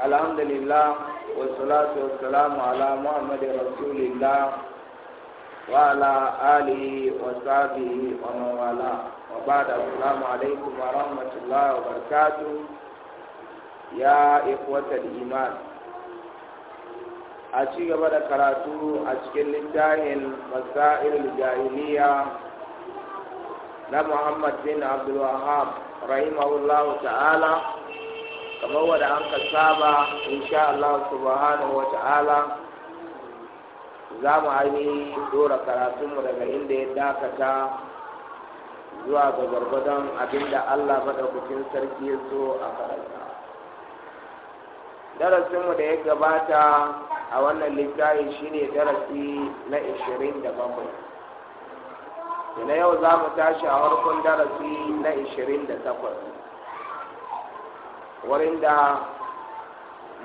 alhamdulillah wa wasalamu ala Muhammadu rasulillah wa ala alihi wa sahbihi wa man wa ba'da assalamu alaikum wa rahmatullahi wa barakatuh ya ikhwatal iman a ci gaba da karatu a cikin littafin masail jahiliya na Muhammad bin Abdul Wahhab rahimahullahu ta'ala kamar wadda an ka saba insha Allah subhanahu wa ta'ala za mu ainihin dora karatunmu daga inda ya dakata zuwa ga gwargwadon abinda Allah madaukakin sarki ya so a karanta darasinmu da ya gabata a wannan littafi shine darasi na ishirin da bakwai na yau za mu tashi a harkon darasi na ishirin da takwas wurin da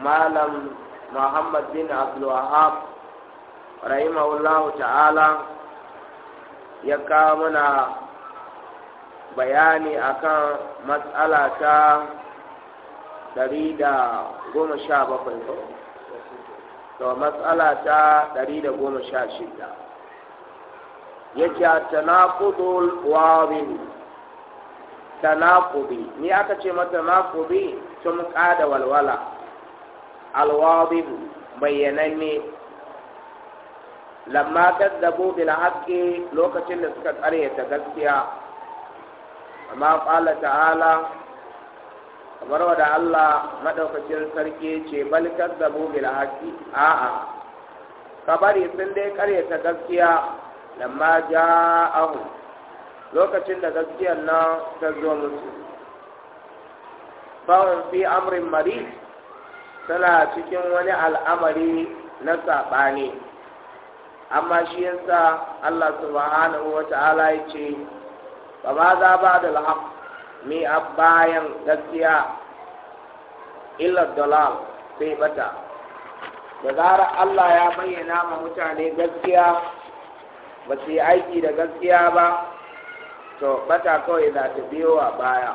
malam muhammad bin abdulwahab rahimahullahu ta'ala ya kawo mana bayani akan matsala ta ɗari da goma sha bakwai ko to matsala ta ɗari da goma sha shida yake a tanakudul wawin. tanaqubi ni aka ce mata naqubi tumqa da walwala alwadib bayyananne lamma kadzabu bil haqqi lokacin da suka ta gaskiya amma qala ta'ala kamar wada Allah madaukakin sarki ce bal kadzabu bil haqqi a'a kabari sun dai ta gaskiya lamma ja'ahu lokacin da gaskiyar nan ta zo musu bawon fi amrin mari tana cikin wani al'amari na saɓani amma shi yasa Allah subhanahu wa ta'ala ya ce ba ma za ba da lahaf mi a bayan gaskiya illa dalal sai bata da zarar Allah ya bayyana ma mutane gaskiya ba su yi aiki da gaskiya ba to bata kawai za ta biyo a baya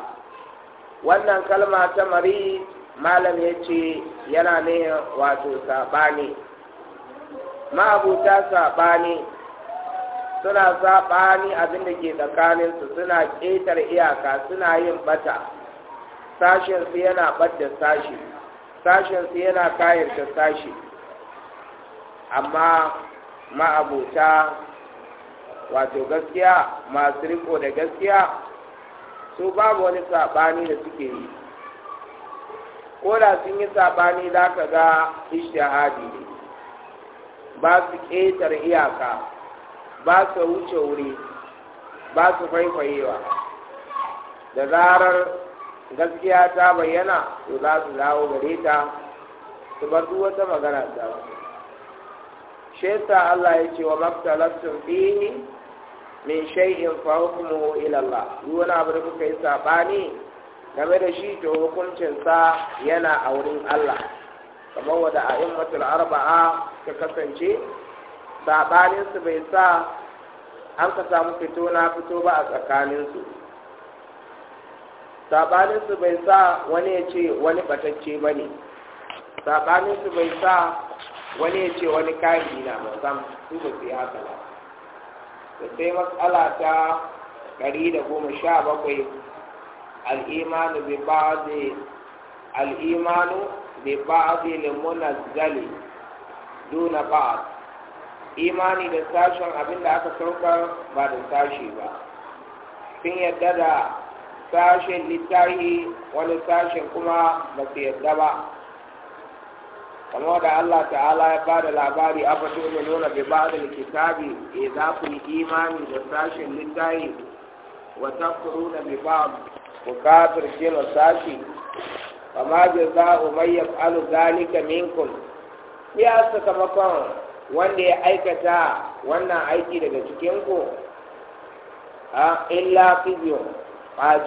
wannan kalma ta mari malam ya ce yana ne wato saɓani ma'abuta saɓani suna saɓani abin da ke tsakaninsu suna ƙetar iyaka suna yin bata sashensu yana ɓadda sashi sashensu yana kayarta sashi amma ma'abuta wato gaskiya masu riko da gaskiya su babu wani saɓani da suke yi ko da sun yi saɓani za ka ga ishtihadi ne ba su ƙetar iyaka ba su wuce wuri ba su faifaiwa da zarar gaskiya ta bayyana to za su dawo gare ta su bar duk wata magana ta shi yasa Allah ya ce wa maktalatun fihi min shay'in fa hukmuhu ila Allah duk wani abu da kuka yi sabani game da shi to hukuncin sa yana a wurin Allah kamar a a'immatul arba'a ta kasance sabanin su bai sa an ka samu fito na fito ba a tsakanin su sabanin su bai sa wani ya ce wani batacce bane sabanin su bai sa wani ya ce wani kayan dina musam su ba su yi haka ba da sai matsala ta ɗari da goma sha bakwai al'imanu bi ba'adi al'imanu bi ba'adi limunazzali duna ba'ad imani da sashen abin da aka saukar ba da sashi ba sun yadda da sashen littahi wani sashen kuma ba su yadda ba kamar da Allah ta'ala ya ba da labari a fato da nuna bi ba da kitabi e eh, za ku yi imani da sashen littafi wa kuru da bi ba ku kafirce na sashi kama jaza'u man yaf'alu zalika minkum ya sakamakon wanda ya aikata wannan aiki daga cikin ku a illa fiyo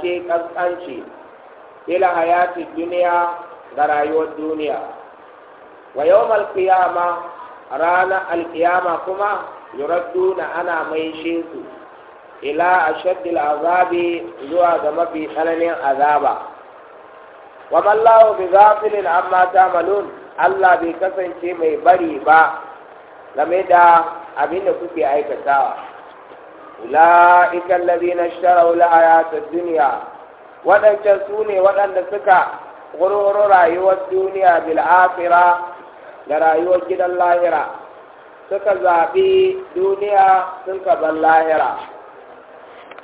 ce kaskanci ila hayati duniya ga rayuwar duniya wa yawmal qiyama rana alqiyama kuma yuradduna ana mai shesu ila ashaddil azabi zuwa ga mafi tsananin azaba wa mallahu bi ghafilin amma ta'malun Allah bai kasance mai bari ba game da abin kuke aikatawa ula'ika allazina ishtaraw al-hayata ad-dunya su ne waɗanda suka gurguru rayuwar duniya bil'afira. da rayuwar gidan lahira suka zaɓi duniya sun zan lahira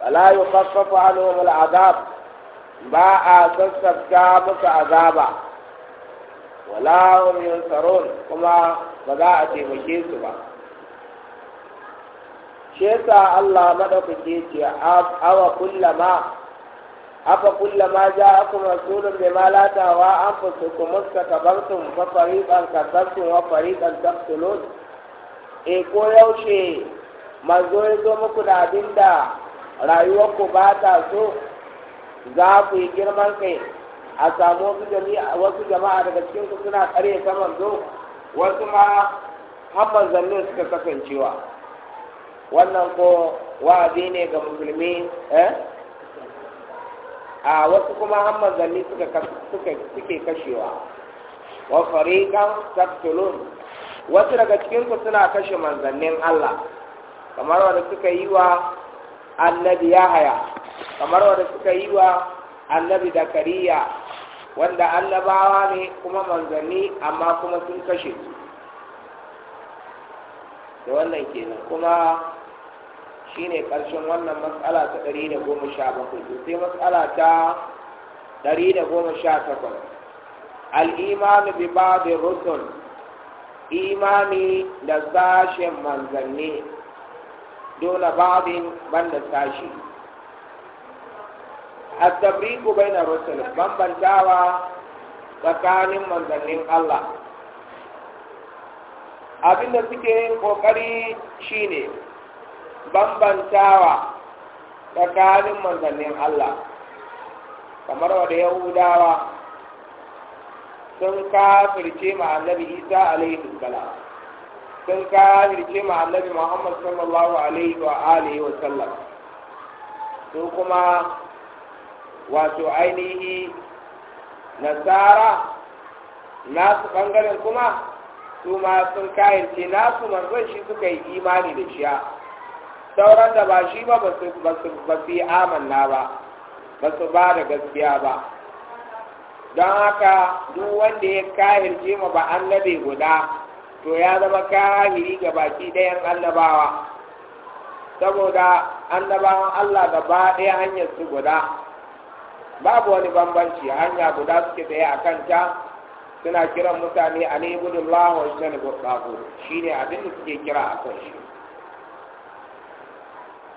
wala yi kafafa hannun azab ba a sassafta musu azaba wala yin tsaron kuma ba za a taimake su ba shi yasa Allah maɗaukake ce awa kullama afa kullama ja'akum rasulun bima la tawa anfusukum mustakbartum fa fariqan kadzabtum wa fariqan taqtulun e ko yaushe manzo ya zo muku da abinda rayuwarku ba ta so za ku yi girman kai a samu wasu jama'a daga cikin ku suna kare ta manzo wasu ma hamman zannin suka kasancewa wannan ko wa'azi ne ga musulmi eh a wasu kuma an manzanni suka suke kashewa wa farikan taqtulun wasu daga cikin ku suna kashe manzannin Allah kamar wanda suka yi wa annabi Yahaya kamar wanda suka yi wa annabi Zakariya wanda annabawa ne kuma manzanni amma kuma sun kashe su da wannan kenan kuma Shi ne ƙarshen wannan matsala ta 117 sai matsala ta 118 al-imanu bi ba'd rusul imani da sashen manzanni dole babin banda sashi at bai na rusun bambantawa tsakanin manzannin Allah abinda suke kokari shine bambantawa tsakanin manzannin Allah kamar da yahudawa sun kafirce ma annabi isa alaihi salam sun kafirce ma annabi muhammad sallallahu alaihi wa alihi wa sallam su kuma wato ainihi nasara nasu bangaren kuma su ma sun kayarce nasu manzon shi suka yi imani da shiya sauran da ba shi ba ba su yi amanna ba ba su ba da gaskiya ba don haka duk wanda ya kahirce ma ba annabe guda to ya zama kahiri ga baki ɗayan annabawa saboda annabawan Allah gaba ɗaya hanyar su guda babu wani bambanci hanya guda suke tsaye a kanta suna kiran mutane a ne gudun lahon shi ne abin da suke kira a kan shi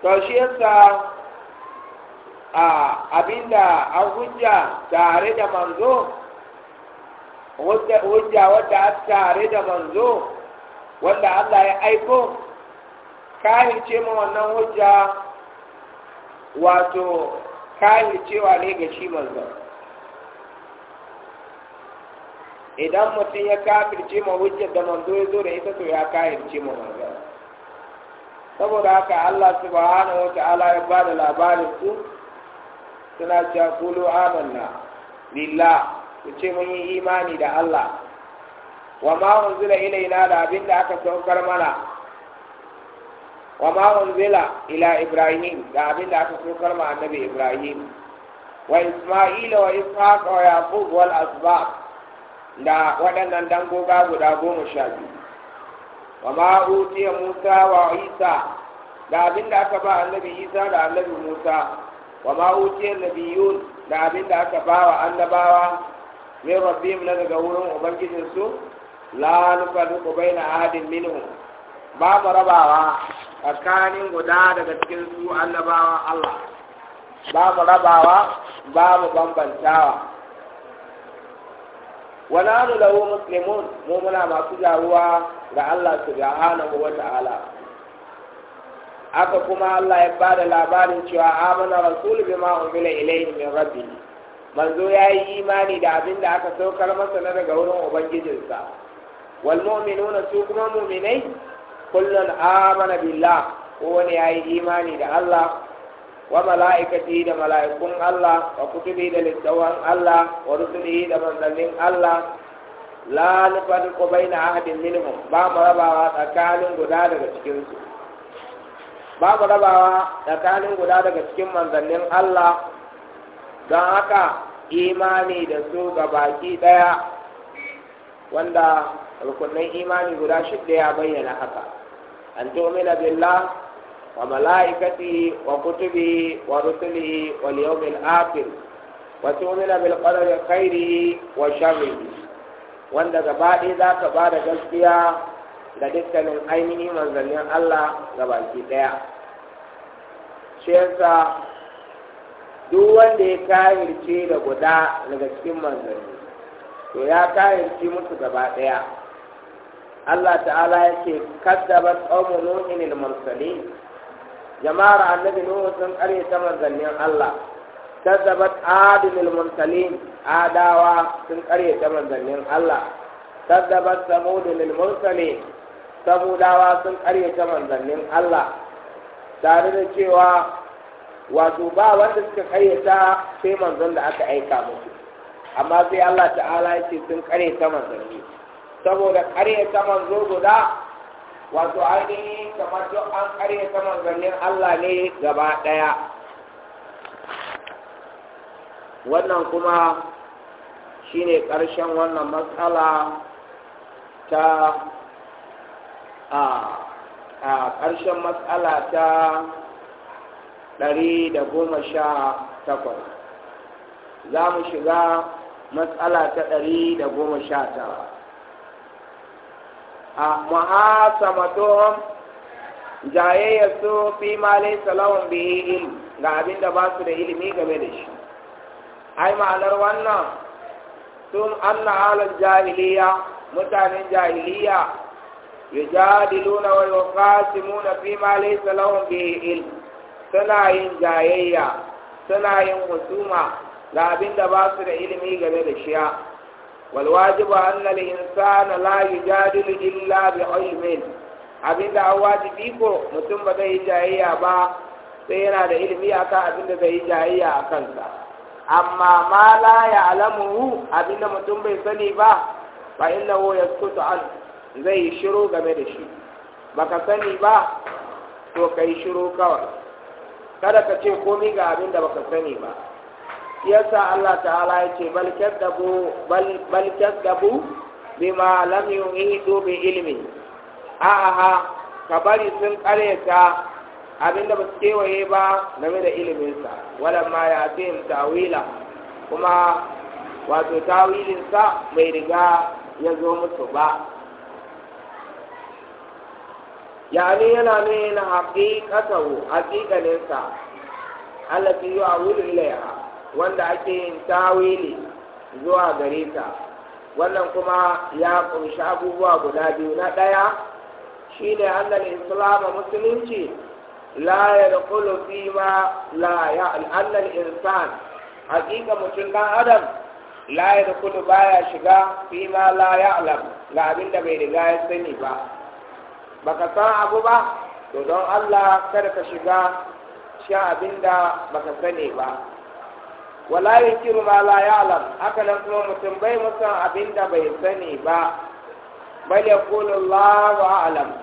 to shi yasa a abinda an hujja tare da manzo hujja wadda an tare da manzo wanda Allah ya aiko kahirce ma wannan hujja wato kahircewa ne ga shi manzo idan mutum ya kafirce ma hujjar da manzo ya zo da ita to ya kahirce ma manzo saboda haka Allah subhanahu wa ta'ala ya ba da labarin su suna cewa kulu amanna lillah ku ce mun yi imani da Allah wa ma unzila ilaina da abin da aka saukar mana wa ma unzila ila ibrahim da abin da aka saukar ma annabi ibrahim wa isma'ila wa ishaq wa yaqub wal asbab da waɗannan dangoga guda goma sha biyu wa ma utiya Musa wa Isa da abin da aka ba annabi Isa da annabi Musa wa ma utiya nabiyun da abin da aka ba wa annabawa min rabbihim na daga wurin ubangijin su la nufarriqu baina ahadin minhum ba mu rabawa tsakanin guda daga cikin su annabawan Allah ba mu rabawa ba mu bambantawa wanaanu nu lahu muslimun mu muna masu jaruwa ga Allah subhanahu wa ta'ala aka kuma Allah ya ba da labarin cewa amana rasul bima unzila ilayhi min rabbih manzo yayi imani da abin da aka saukar masa na daga wurin ubangijinsa wal mu'minuna su kuma mu'minai kullun amana billah kowane yayi imani da Allah wa mala'ikati da mala'ikun Allah wa kutubi da littawan Allah wa rusulihi da manzannin Allah la nufarriqu baina ahadin minhum ba mu rabawa tsakanin guda daga cikin su ba mu rabawa tsakanin guda daga cikin manzannin Allah don haka imani da su ga baki daya wanda rukunin imani guda shi ya bayyana haka an tu'mina billah wa وكتبه ورسله واليوم الآخر وتؤمن wa خيره وشره wanda gaba ɗaya za ka ba da gaskiya da dukkanin ainihin manzannin Allah baki ɗaya shi duk wanda ya kayarce da guda daga cikin manzanni to ya kayarce musu gaba ɗaya Allah ta'ala ya ce kaddabat qaumun nuhin al jama'ar annabi nuhu sun ta manzannin Allah kazzabat adilul mursalin adawa sun ta manzannin Allah kazzabat samudul mursalin samudawa sun ta manzannin Allah tare da cewa wato ba wanda suka karyata sai manzon da aka aika musu amma sai Allah ta'ala ya ce sun ta manzanni saboda karyata manzo guda wato ainihi kamar duk an ƙarya ta manzannin Allah ne gaba ɗaya wannan kuma shine ƙarshen wannan matsala ta a ƙarshen matsala ta ɗari da goma sha takwas za mu shiga matsala ta ɗari da goma sha tara a muhasamatuhum jayayya su fi ma laysa lahum bihi ilm ga abin da ba su da ilimi game da shi ai ma'anar wannan sun anna jahiliya mutanen jahiliya yujadiluna wa yuqasimuna fi ma laysa lahum bihi ilm suna yin jayayya suna yin husuma ga abin da ba su da ilimi game da shi والواجب أن الإنسان لا يجادل إلا بعلم abinda an wajibi ko mutum ba zai yi jayayya ba sai yana da ilimi akan abinda zai yi jayayya a kansa amma ma la ya abinda mutum bai sani ba fa innahu yaskutu an zai shiru game da shi ka sani ba to kai shiru kawai kada ka ce komai ga abinda baka sani ba yasa Allah ta'ala ya ce bal kadzabu bal bal bima lam yuhidu bi ilmi a'a ka bari sun karyata abinda ba su kewaye ba game da iliminsa wala ma ya tawila kuma wato tawilinsa bai riga ya zo musu ba yani yana nuna haƙiƙatahu haƙiƙaninsa allafi yi a wuri ilaiha wanda ake yin tawili zuwa gare ta wannan kuma ya kunshi abubuwa guda biyu na ɗaya shine annal islam musulunci la yadkhulu fi ma la ya'lam annal insan hakika mutum ɗan adam la ba baya shiga fi ma la alam ga abin da bai riga ya sani ba baka san abu ba to don Allah kada ka shiga sha abin da baka sani ba wala kiru ma la ya'lam haka nan kuma mutum bai musan abin da bai sani ba bal yaqulu Allahu a'lam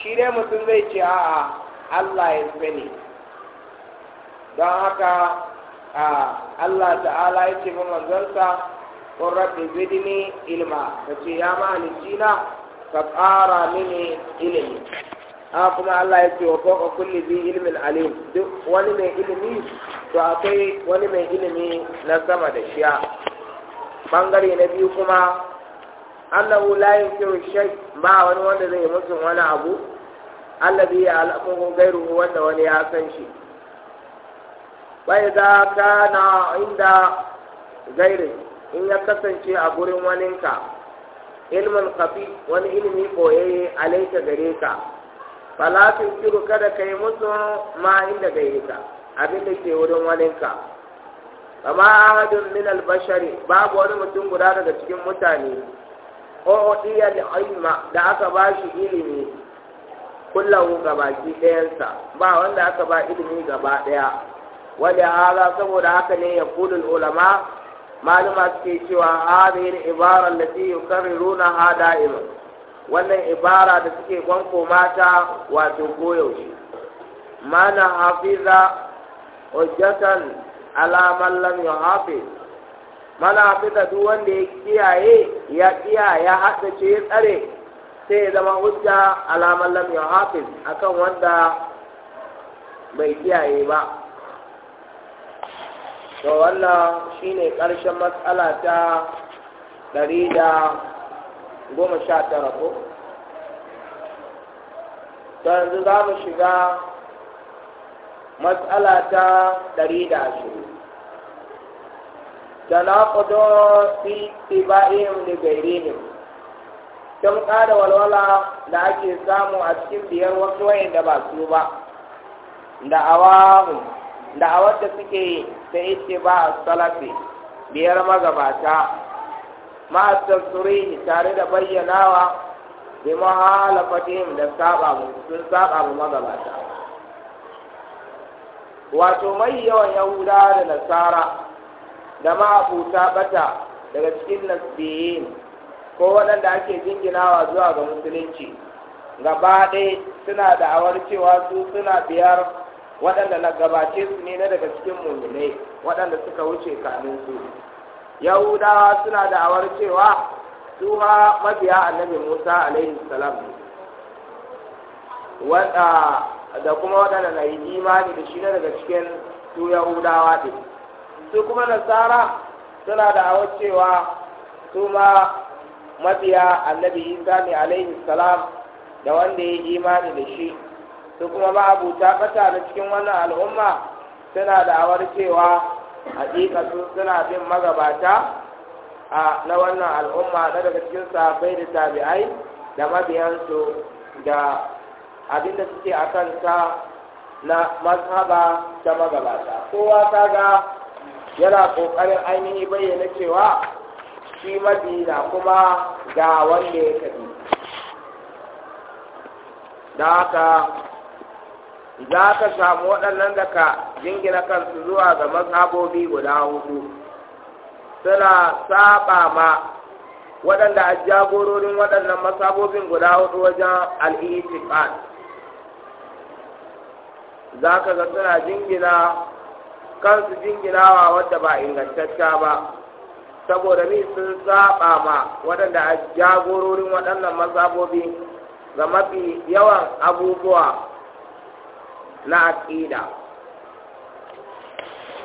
shi dai mutum zai ce a'a Allah ya sani don haka A Allah ta'ala ya ce manzansa qur rabbi zidni ilma kace ya ni na ka ƙara mini ilimi a kuma Allah ya ce wa kulli bi ilmin alim duk wani mai ilimi to akwai wani mai ilimi na sama da shiya bangare na biyu kuma annahu la yunkiru shay ba wani wanda zai musu wani abu allazi ya alamu wanda wani ya san shi bai ka kana inda gairi in ya kasance a gurin waninka ilmin kafi wani ilimi koyayye alaika gare ka fala tunkiru kada kai musu ma inda gare ka abin da ke wurin waninka kama ahadun min albashari babu wani mutum guda daga cikin mutane o iya ilma da aka ba shi ilimi kullahu ga baki ɗayansa ba wanda aka ba ilimi gaba ɗaya wanda haza saboda haka ne ya kudin ulama maluma suke cewa hadhihi ibara allati yukarriruna hada wannan ibara da suke gwanko mata wato koyaushe mana hafiza hujjatan ala man lam yuhafiz malafiza duk wanda ya kiyaye ya kiyaye ya haddace ya tsare sai ya zama hujja ala man lam yuhafiz akan wanda bai kiyaye ba to wannan shine karshen matsala ta ɗari da goma sha tara ko yanzu za mu shiga matsala ta ɗari na tanaqudu fi tibaihim li ghairihim don kada walwala da ake samu a cikin biyar wasu da ba su ba da awahu da suke ta yace ba a salafi biyar magabata ma tafsiri tare da bayyanawa bi muhalafatihim da saba mu sun saba mu magabata wato mai yawan yahuda da nasara da ma'abuta bata daga cikin nasbiyin ko waɗanda ake jinginawa zuwa ga musulunci gaba ɗaya suna da'awar cewa su suna biyar waɗanda na gabace su ne na daga cikin mummunai waɗanda suka wuce kanin su yahudawa suna da'awar cewa su ma mabiya annabi musa alaihi salam wanda da kuma waɗanda na yi imani da shi na daga cikin su yahudawa ɗin su kuma nasara suna da a cewa su ma mabiya annabi isa ne alaihi salam da wanda ya yi imani da shi su kuma ma'abuta ɓata da cikin wannan al'umma suna da awar cewa hakika su suna bin magabata a na wannan al'umma na daga cikin safai da tabi'ai da mabiyansu da abinda suke a kansa na mazhaba ta magabata kowa ta ga yana ƙoƙarin ainihi bayyana cewa shi madina kuma ga wanda ya tafi da haka za ka samu waɗannan da ka jingina kansu zuwa ga mazhabobi guda hudu suna saba ma waɗanda a jagororin waɗannan masabobin guda hudu wajen al'itifat za ka ga suna jingina kansu jinginawa wadda ba ingantacca ba saboda ni sun saba ma waɗanda a jagororin waɗannan masabobi ga mafi yawan abubuwa na aƙida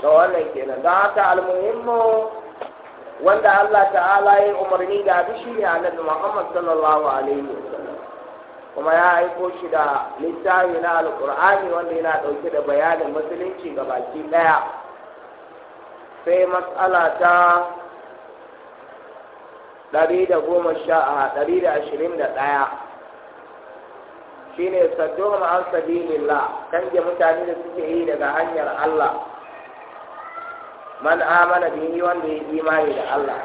ga wannan kenan don haka almuhimmu wanda Allah ta'ala ya umarni da abu shi ne annabi Muhammad sallallahu alaihi wasallam kuma ya aiko shi da littafi na Alƙur'ani wanda yana ɗauke da bayanin musulunci ga baki ɗaya sai matsala ta ɗari da goma sha ɗari da ashirin da ɗaya shine sadduhum an sabilillah kange mutane da suke yi daga hanyar Allah man amana yi wanda ya imani da Allah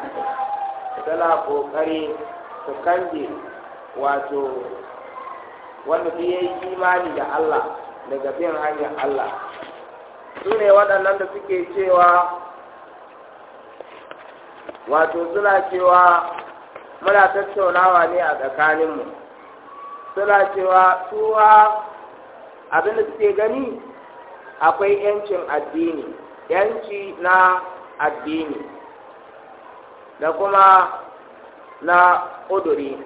na ƙoƙari su kange wato wanda su yi imani da Allah daga bin hanyar Allah su ne waɗannan da suke cewa wato suna cewa muna tattaunawa ne a tsakaninmu suna cewa tuwa abin da suke gani akwai yancin addini yanci na addini da kuma na ƙuduri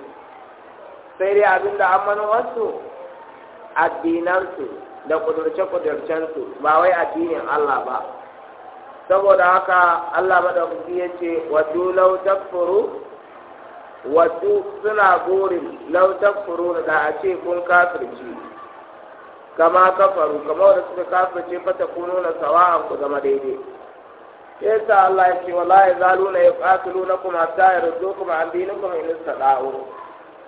sai dai abin da an manuwarsu addinansu da kudurce-kudurcensu ba wai addinin Allah ba saboda haka Allah madaukaki ya ce wasu suna burin lau takfuru da a ce kun kafirci kama kafaru kama wanda suka kafirce fata kuno na sawa'an ku zama daidai yasa Allah ya ce wallahi zaluna yaqatulunakum hatta kuma an dinikum in istada'u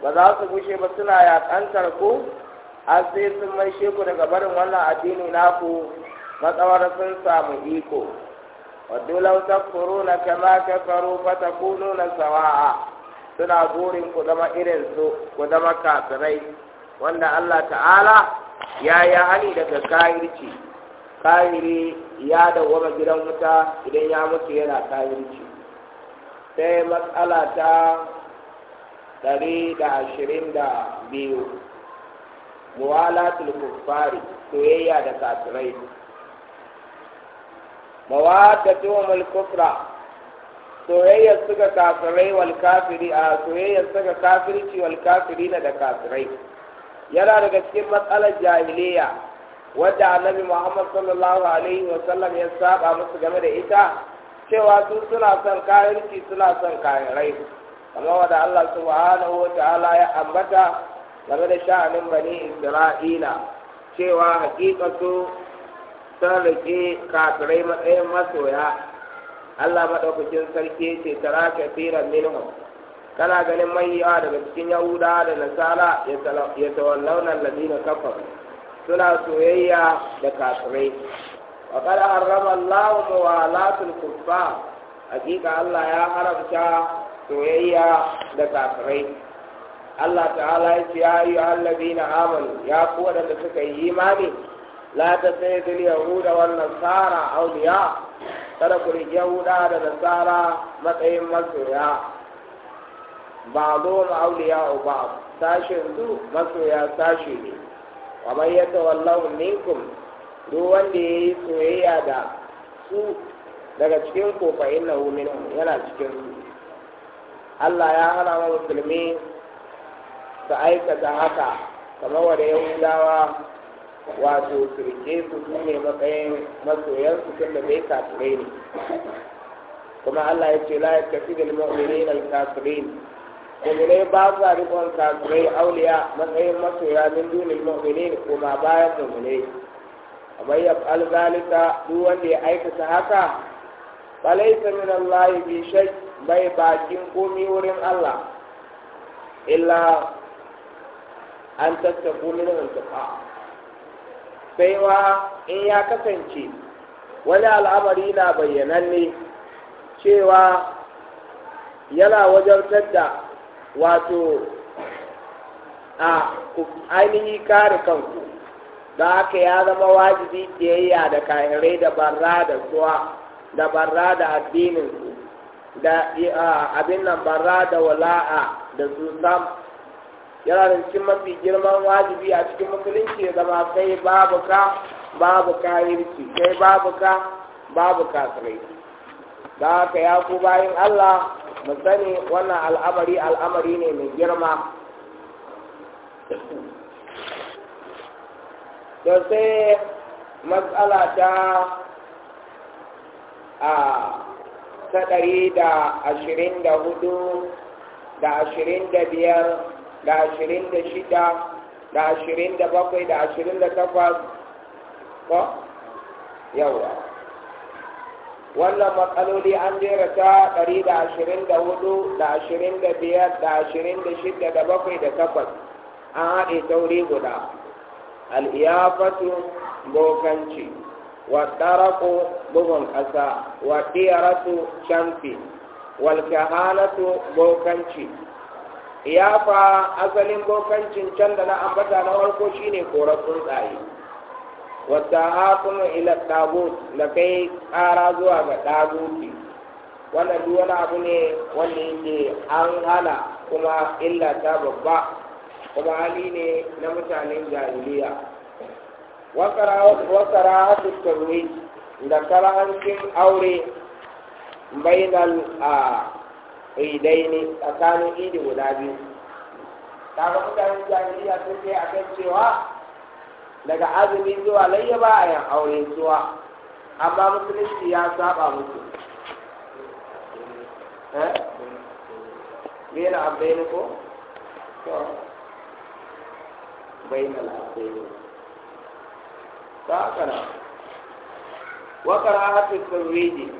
ba za su gushe ba suna yaƙantar ku har sai sun mai ku daga barin wannan addini naku matsawar sun samu iko wadda lau kuro na kama kafaru fata kuno na sawa'a suna burin ku zama irin su ku zama kafirai wanda Allah ta'ala ya yi hani daga kayirci kayiri ya dawwama gidan wuta idan ya mutu yana kayirci sai matsala ta ɗari da ashirin da biyu muwalatul kuffari soyayya da kafirai mawadatuhumul kufra soyayya suka kafirai wal kafiri a soyayya suka kafirci wal kafirina da kafirai yana daga cikin matsalar jahiliya wadda annabi Muhammad sallallahu alaihi wa sallam ya saba musu game da ita cewa su suna son kayanci suna son kayan Amma wadda Allah subhanahu wa ta'ala ya ambata game da sha'anin bani Isra'ila cewa hakikatu sun rike kafirai matsayin masoya Allah madaukakin sarki ce tara kafiran minhum kana ganin yawa daga cikin yahuda da nasara ya tawallauna ladina kafar. suna soyayya da kafirai wa qad harrama Allahu mawalatul kuffar hakika Allah ya haramta soyayya da kafirai Allah ta'ala ya ce ya yi na amanu ya ku waɗanda suka yi imani la ta sai da yahuda wa nasara auliya kada ku riƙe yahuda da nasara matsayin masoya ba zo ma auliya ba su masoya sashe ne kamar yadda wallahu minkum do wanda ya yi soyayya da su daga cikin kofa innahu minhum yana cikin su Allah ya hana wa musulmi su aikata haka kamar wanda yahudawa wato kirke su su ne matsayin masoyansu tun da bai kafirai ne kuma Allah ya ce la ya tafi da mu'minin al-kafirin mu'minai ba sa rikon kafirai auliya matsayin masoya min dunin ne kuma bayan mu'minai amma ya fa'al duk wanda ya aikata haka falaisa min Allah bi shay bai bakin komi wurin Allah illa an tattaku min intiqa sai wa in ya kasance wani al'amari na bayyananne cewa yana wajen da wato a ainihi kare kanku da haka ya zama wajibi kiyayya da kahirai da barra da suwa da barra da addinin su da abin nan barra da wala'a da su sam yana da cikin mafi girman wajibi a cikin musulunci ya zama sai babu ka babu kayirci sai babu ka babu kasirai da haka ya ku bayan Allah mu sani wannan al'amari al'amari ne mai girma da sai matsala ta a ta ɗari da ashirin da hudu da ashirin da biyar da ashirin da shida da ashirin da bakwai da ashirin da takwas ko yawa wannan matsaloli an jera ta ɗari da ashirin da hudu da ashirin da biyar da ashirin da shida da bakwai da takwas an haɗe tauri guda al'iyafatu bokanci والطرق بغن قصا والديرة شمفي والكهانة بوكنشي iyafa asalin bokancin can da na ambata na farko shine korar tsuntsaye wata hakunu ila tagut da kai kara zuwa ga taguti wanda duk wani abu ne wanda yake an hana kuma illa ta babba kuma hali ne na mutanen jahiliya wa karahatu tawhid da karahancin aure bainal a idaini tsakanin idi guda biyu kaga mutanen jahiliya sun kai akan cewa daga azumi zuwa layya ba a yin aure zuwa amma musulunci ya saba musu eh? ta haka na wa karahatu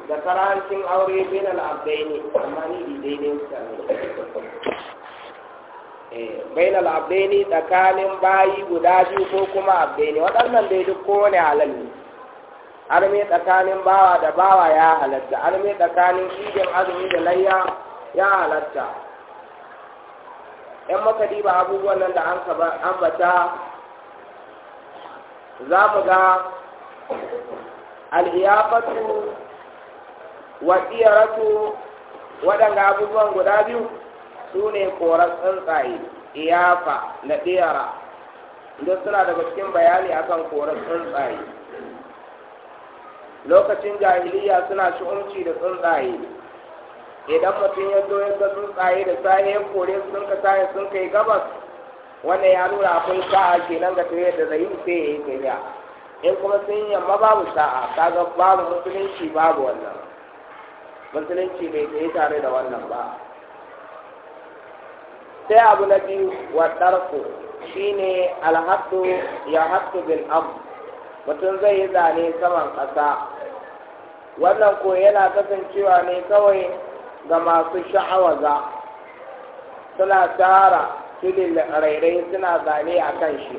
da karancin aure bin al-abdaini amma ni daidai mutane eh, bain al-abdaini tsakanin bayi guda biyu ko kuma abdaini waɗannan dai duk kowane halal ne arme tsakanin bawa da bawa ya halatta arme tsakanin shigen azumi da layya ya halatta yan makadi ba abubuwan nan da an ambata za mu ga al'iyafatu wa tsiyaratu waɗanda abubuwan guda biyu su ne koran tsuntsaye iyafa da tsiyara duk suna daga cikin bayani akan koran tsuntsaye lokacin jahiliya suna shi'unci da tsuntsaye idan mutum ya zo ya ga tsuntsaye da ya kore sun ka saye sun kai gabas wannan ya nuna akwai sa'a nan ga tare da zai sai ya yi tafiya in kuma sun yi yamma babu sa'a kaga babu musulunci babu wannan musulunci bai tsaye tare da wannan ba sai abu na biyu wa ɗarko shine alhaddu ya haddu bil am mutum zai yi zane saman ƙasa wannan ko yana kasancewa ne kawai ga masu sha'awaza suna tara su rairai suna zane a kan shi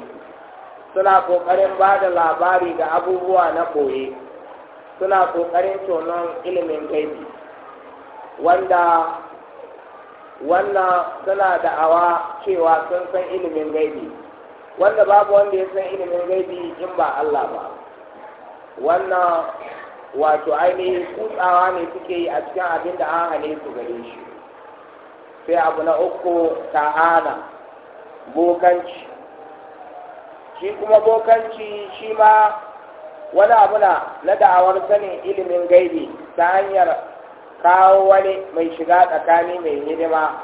suna ƙoƙarin ba da labari ga abubuwa na koye suna ƙoƙarin tonon ilimin gaibi wanda wannan suna da'awa cewa sun san ilimin gaibi wanda babu wanda ya san ilimin gaibi in ba Allah ba wannan wato ainihin kutsawa ne suke yi a cikin abin da an hane su gare shi sai abu na uku ta'ana bokanci shi kuma bokanci shi ma wani abu na na da'awar sanin ilimin gaibi ta hanyar kawo wani mai shiga tsakani mai hidima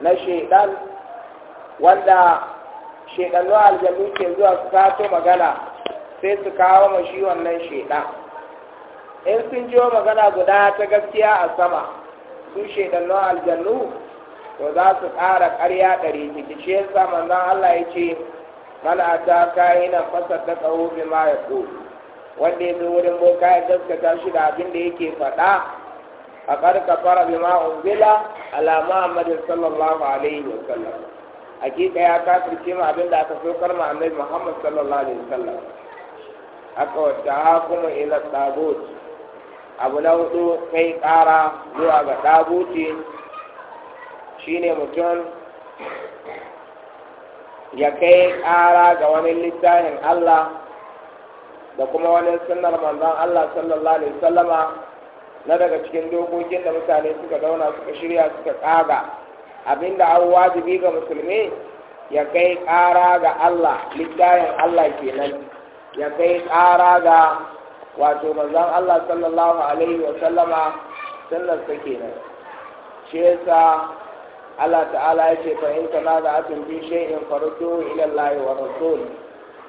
na shaidan wanda shaidannu aljanu ke zuwa su kato magana sai su kawo mashi wannan shaidan in sun jiwo magana guda ta gaskiya a sama su shaidannu aljannu to za su ƙara ƙarya ɗari ciki shi yasa manzon Allah ya ce man ata kayinan fasar da tsawo bi ma ya ko wanda ya zo wurin boka ya gaskata shi da abin da yake faɗa a ƙarƙa fara bi ma unzila ala Muhammadin sallallahu alaihi wa sallam hakika ya kafirce ma abin da aka saukar ma annabi Muhammad sallallahu alaihi wa sallam aka wata kuma ila tagut abu na hudu kai ƙara zuwa ga tagutin shine mutum ya kai ƙara ga wani littafin Allah da kuma wani sunnar manzon Allah sallallahu alaihi wasallama na daga cikin dokokin da mutane suka zauna suka shirya suka tsaga abinda an wajibi ga musulmi ya kai ƙara ga Allah littafin Allah kenan ya kai ƙara ga wato manzon Allah sallallahu alaihi wasallama sunnarsa kenan shi yasa Allah ta'ala ya ce fa in kana da atun bi in faruddu ila Allah wa rasul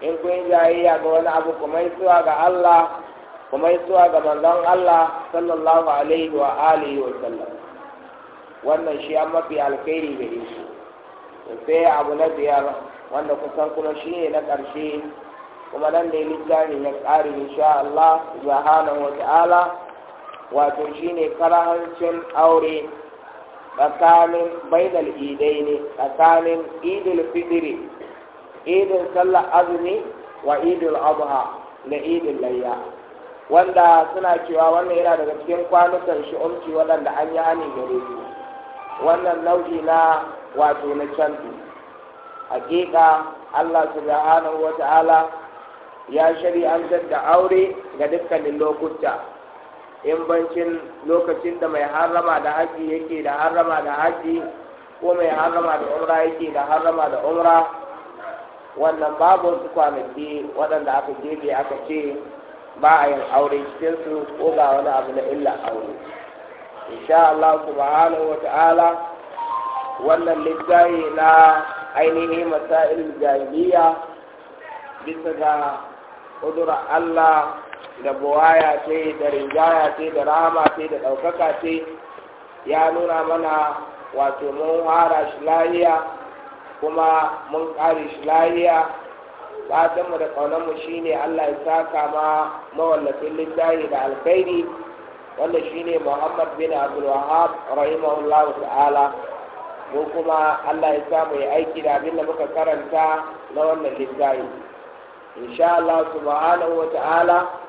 in kun ya ga wani abu kuma zuwa ga Allah kuma zuwa ga manzon Allah sallallahu alaihi wa alihi wa sallam wannan shi an mafi alkhairi da shi sai abu na biyar wanda kusan kuma shi ne na ƙarshe kuma nan ne littafi ya ƙari insha Allah subhanahu wa ta'ala wato shine karahancin aure tsakanin bainal idai ne tsakanin idul fitri salla azumi wa idul abuha na idin layya wanda suna cewa wannan yana daga cikin kwanukan shi'umci waɗanda an yi hani gare su wannan nau'i na wato na canfi hakika allah subhanahu wa ta'ala ya shari'antar da aure ga dukkanin lokuta in bancin lokacin da mai harama da haji yake da harrama da haji ko mai harama da umra yake da harrama da umra wannan babu su kwanaki waɗanda aka jefe aka ce ba a yin aure su ko ga wani abu na illa aure insha Allah subhanahu wa ta'ala wannan littafi na ainihin masail jahiliya bisa ga udura Allah da buwaya ce da rinjaya ce da rahama ce da ɗaukaka ce ya nuna mana wato mun hara shi lahiya kuma mun ƙare shi lahiya fatanmu da mu shine Allah ya saka ma mawallafin littafi da alkhairi wanda shine Muhammad bin Abdul Wahab rahimahullah ta'ala ko kuma Allah ya samu ya aiki da abin da muka karanta na wannan littafi insha Allah subhanahu wa ta'ala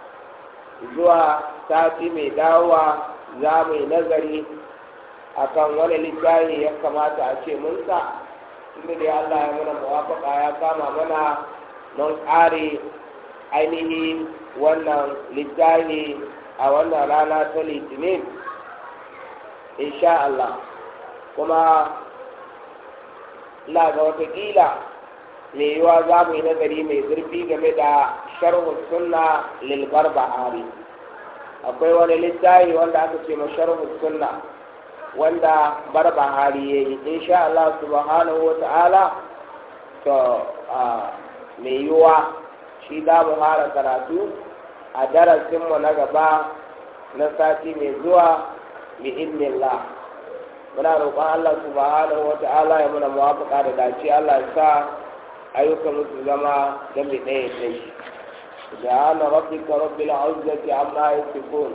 zuwa sati mai dawowa za mu yi nazari a kan wani littafi ya kamata a ce mun sa inda dai Allah ya mana muwafaka ya kama mana mun ƙare ainihin wannan littafi a wannan rana ta litinin insha Allah kuma ina ga wata watakila mai yiwa za mu yi nazari mai zurfi game da sharhu sunna lil barbahari akwai wani littafi wanda aka ce ma sharhu sunna wanda barbahari ya yi insha Allah subhanahu wa ta'ala to mai yiwa shi za mu fara karatu a darasinmu na gaba na sati mai zuwa bi idnillah muna roƙon Allah subhanahu wa ta'ala ya muna muwafaqa da dace Allah ya sa ayyukan musu zama dalli ɗaya سبحان ربك رب العزة عما يصفون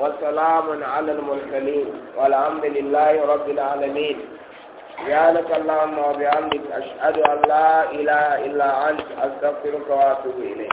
وسلام على المرسلين والحمد لله رب العالمين سبحانك اللهم وبحمدك أشهد أن لا إله إلا أنت أستغفرك وأتوب إليك